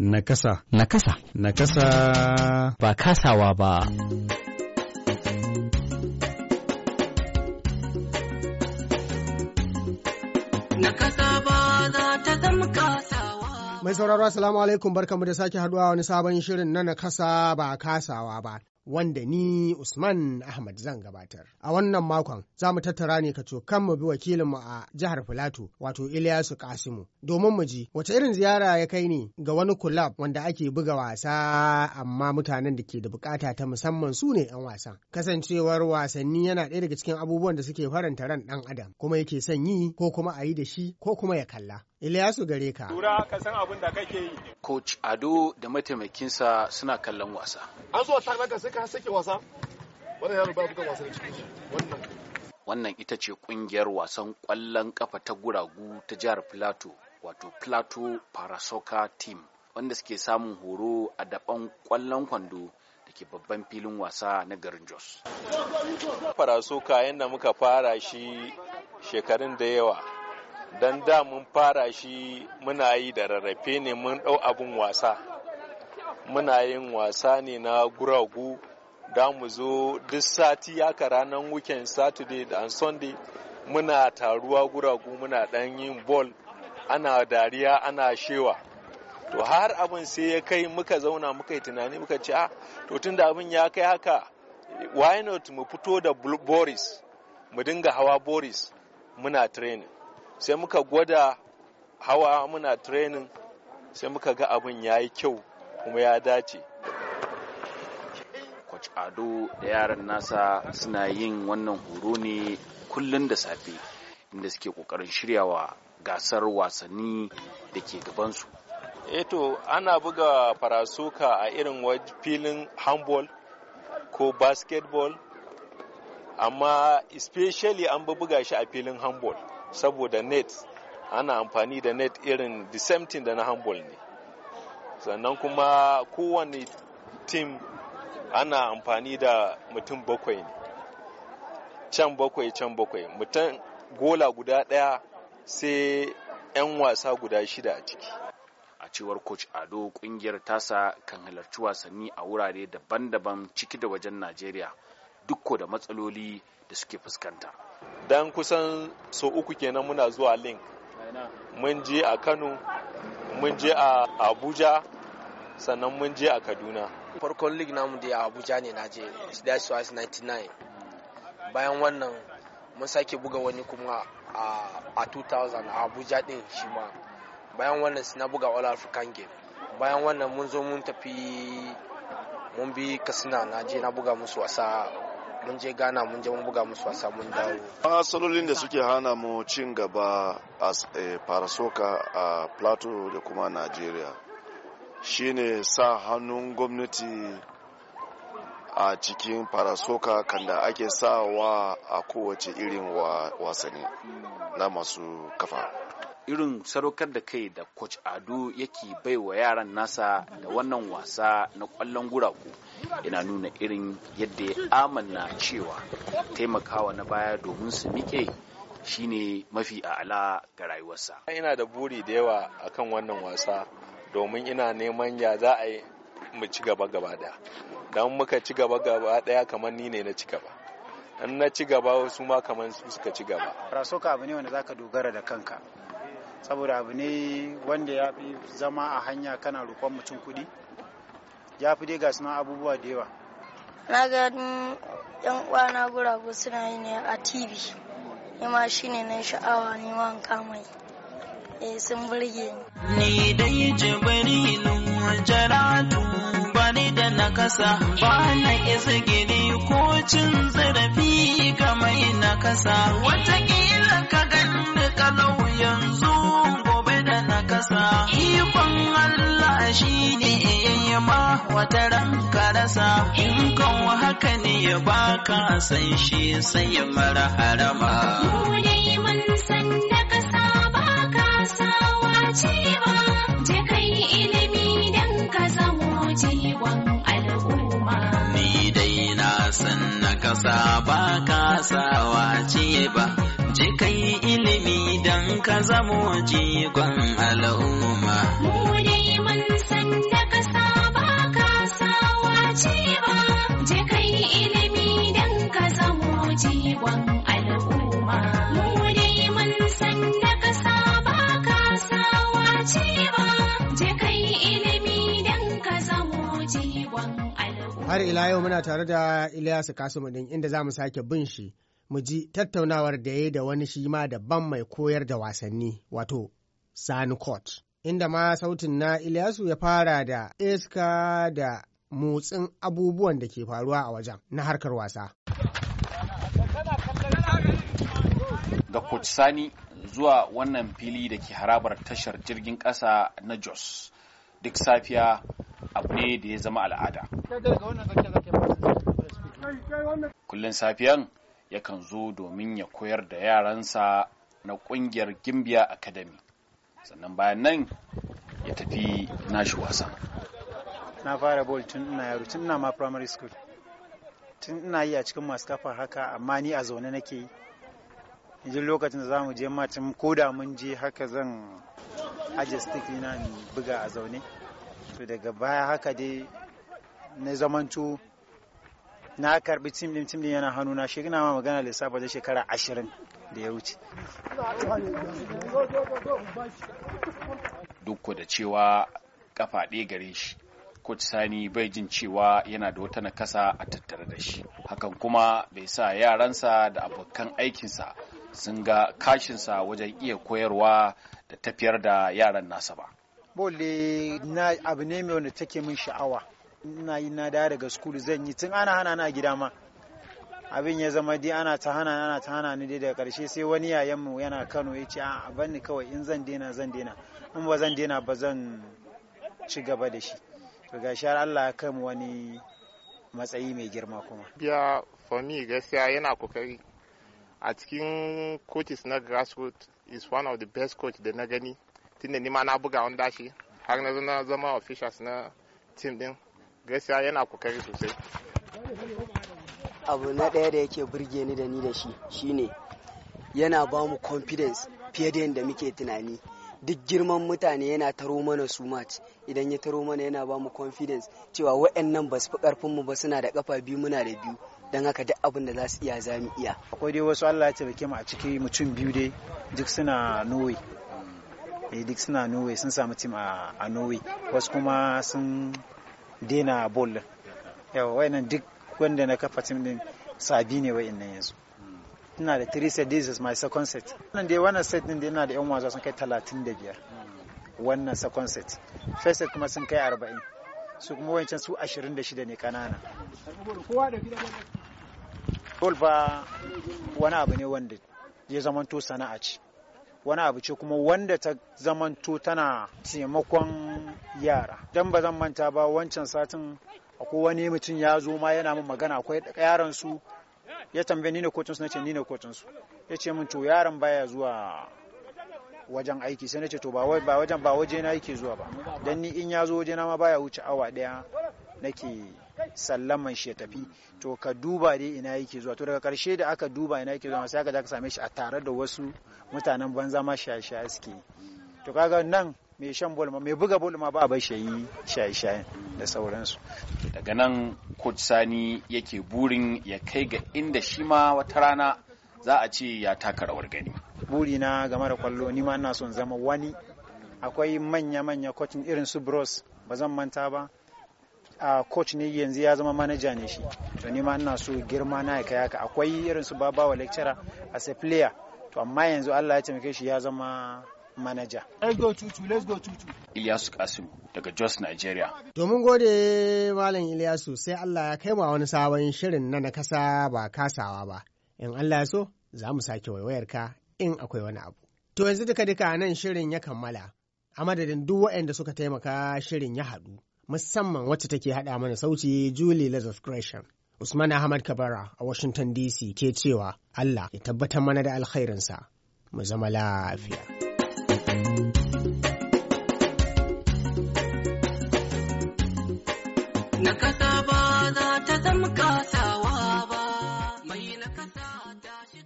Nakasa. Nakasa. Nakasa. Ba kasawa ba. Nakasa ba za ta zama kasawa. Mai sauraro, Assalamu alaikum barkamu da sake haduwa wani sabon shirin na nakasa ba kasawa ba. wanda ni Usman Ahmad zan gabatar. A wannan makon za mu tattara ne ka kan mu bi wakilinmu a jihar Filato wato Iliyasu Kasimu domin mu ji wace irin ziyara ya kai ne ga wani kulab wanda ake buga wasa amma mutanen da ke da bukata ta musamman su ne 'yan wasan. Kasancewar wasanni yana ɗaya daga cikin abubuwan da suke faranta ran ɗan adam kuma yake son yi ko kuma a yi da shi ko kuma ya kalla. Ilyasu gare ka. Tura ka san abin da kake yi. Coach Ado da mataimakinsa suna kallon wasa. An zo ta ka suka sake wasa. Wannan yaro ba buga wasa da cikin Wannan Wannan ita ce kungiyar wasan kwallon kafa ta guragu ta jihar Plateau, wato Plateau Parasoka Team, wanda suke samun horo a daban kwallon kwando da ke babban filin wasa na garin Jos. Parasoka yadda muka fara shi shekarun da yawa don da mun fara shi muna yi da rarrafe ne mun ɗau abin wasa muna yin wasa ne na guragu da mu zo duk sati haka ranar weekend saturday da sunday muna taruwa guragu muna ɗan yin ball ana dariya ana shewa to har abin sai ya kai muka zauna muka yi tunani muka ce a? Ah, to tun da abin ya kai haka why not mu fito da boris mu dinga hawa boris muna training sai muka gwada hawa muna training sai muka ga abin ya yi kyau kuma ya dace coach ado da yaran nasa suna yin wannan horo ne kullum da safe inda suke kokarin wa gasar wasanni da ke gabansu eto eh ana buga farasuka a irin filin handball ko basketball amma especially an buga shi a filin handball saboda net ana amfani da net irin the same thing da na handball ne sannan kuma kowane team ana amfani da mutum bakwai ne can bakwai can bakwai mutum gola guda ɗaya sai 'yan wasa guda shida a ciki a cewar coach ado kungiyar tasa kan halarci wasanni a wurare daban-daban ciki da wajen najeriya duk da matsaloli da suke fuskanta dan kusan so uku kenan muna zuwa link mun je a kano mun je a abuja sannan mun je a kaduna farkon league namu da abuja ne na je that's why 99 bayan wannan mun sake buga wani kuma a 2000 a abuja din shi ma bayan wannan na buga all african game bayan wannan mun zo mun tafi mun bi kasina na je na buga musu wasa mun je gana mun je mun buga musu wasa mun dawo. matsalolin da suke hana mu cin gaba a farasoka eh, a Plateau da kuma Najeriya shine sa hannun gwamnati a cikin farasoka kan ake sawa a kowace irin wasanni na masu kafa. irin sadaukar da kai da coach ado yake baiwa yaran nasa da wannan wasa na kwallon guragu Ina nuna irin yadda ya amanna cewa taimakawa na baya domin su miƙe shine mafi a'ala ga rayuwarsa. Ina da buri da yawa akan wannan wasa domin ina neman ya za a yi mu ci gaba gaba da Don muka ci gaba gaba daya kamar ni ne na ci gaba. In na ci gaba su ma kamar su suka ci gaba. Rasoka abu ne wanda zaka dogara da kanka. Saboda abu ne wanda ya fi zama a hanya kana roƙon mutum kuɗi. ya fi dai ga abubuwa da yawa na gani yan uwana guragu suna yi ne a tv nima shi ne na sha'awa ne in kama yi eh, sun burge ni ni dai jibrilun jaratu bani da nakasa ba na isa gini ko cin zarafi kamar nakasa wataƙila ka gani kalau yanzu gobe da nakasa ikon Allah shi ne ma wata ran ka rasa in kan haka ne ya ka san shi sai ya mara harama mu dai mun ba ka ce ba je ilimi dan ka zamo jiwon al'umma ni dai na san nakasa kasa ba ka ce ba je ilimi dan ka zamo jigon al'umma. Mu dai mun Har ila yau muna tare da Ilyasu Kasimu din inda za mu sake bin shi mu ji tattaunawar da ya yi da wani shi ma daban mai koyar da wasanni wato Sani Court. Inda ma sautin na Ilyasu ya fara da iska da motsin abubuwan da ke faruwa a wajen na harkar wasa. Ga Coach Sani zuwa wannan fili da ke harabar tashar jirgin ƙasa na Jos duk safiya abu ne da ya zama al'ada. Kullum safiyan yakan zo domin ya koyar da yaransa na ƙungiyar Gimbiya Academy. Sannan bayan nan ya tafi nashi wasan. na fara bol tun ina yaro tun ina ma primary school tun ina yi a cikin masu kafa haka amma ni a zaune nake yi yanzu lokacin da zamu je matin ko da mun je haka zan ajiye stick na buga a zaune to daga baya haka dai na zamanto na karbi tim din tim din yana hannu na shekara ma magana lissafa da shekara ashirin da ya wuce duk da cewa kafa ɗaya gare shi coach sani bai jin cewa yana da wata nakasa a tattare da shi hakan kuma bai sa yaransa da abokan aikinsa sun ga kashinsa wajen iya koyarwa da tafiyar da yaran nasa ba bole na abu ne mai wanda take min sha'awa ina yi na daga skul zan yi tun ana hana na gida ma abin ya zama dai ana ta hana ana ta hana ni dai daga karshe sai wani yayanmu yana kano ya ce a bani kawai in zan daina zan daina in ba zan daina ba zan ci gaba da shi daga shar Allah ya mu wani matsayi mai girma kuma biya fami gaskiya yana kokari a cikin coaches na grassroots is one of the best coach da na gani tunda ni ma na buga wanda shi har na zama zama officials na team din gaskiya yana kokari sosai abu na ɗaya da yake burge ni da ni da shi shine yana ba mu confidence fiye da yadda muke tunani duk girman mutane yana taro mana su match idan ya taro mana yana ba mu confidence cewa wa'annan ba su fi karfin mu ba suna da kafa biyu muna da biyu dan haka duk abin da za su iya za mu iya akwai dai wasu Allah ya tabbake mu a ciki mutum biyu dai duk suna Norway eh duk suna Norway sun samu tim a Norway wasu kuma sun dena ball yawa wayannan duk wanda na kafa tim din sabi ne wayannan yanzu ina da three set this is my second set wannan dai wannan set din da yana da yan wasa sun kai 35 wannan second set first set kuma sun kai 40 su kuma wancan su 26 ne kanana Gol ba wani abu ne wanda ya zamanto sana'a ce wani abu ce kuma wanda ta zamanto tana taimakon yara don ba zan manta ba wancan satin akwai wani mutum ya zo ma yana min magana akwai yaran su ya tambaye ni ne kotun su ce ni ne kotun su ya ce min to yaron baya zuwa wajen aiki sai na ce to ba ba wajen ba waje na yake zuwa ba dan ni in ya zo waje na ma baya wuce awa daya nake sallaman shi ya tafi to ka duba dai ina yake zuwa to daga karshe da aka duba ina yake zuwa sai aka ka same shi a tare da wasu mutanen banza ma shaye-shaye suke to kaga nan mai shan bol mai buga bol ma ba a bashi yi shaye-shayen da sauransu daga nan coach sani yake burin ya kai ga inda shi ma wata rana za a ce ya taka rawar gani buri na game da kwallo ni ma ina son zama wani akwai manya-manya coaching irin su bros ba zan manta ba a coach ne yanzu ya zama manaja ne shi to ni ma ina so girma na ya kai haka akwai irin su babawa lecturer as a player to amma yanzu Allah ya taimake shi ya zama manaja. Ilyasu Kasim daga Jos, Nigeria. Domin gode Malam Ilyasu sai Allah ya kai ma wani sabon shirin na nakasa ba kasawa ba. In Allah ya so, za mu sake waiwayar ka in akwai wani abu. To yanzu duka duka nan shirin ya kammala. A madadin duk waɗanda suka taimaka shirin ya haɗu. Musamman wacce take haɗa mana sauti Julie Lazarus Gresham. Usman Ahmad Kabara a Washington DC ke cewa Allah ya tabbatar mana da alkhairinsa. Mu zama lafiya. Nakataba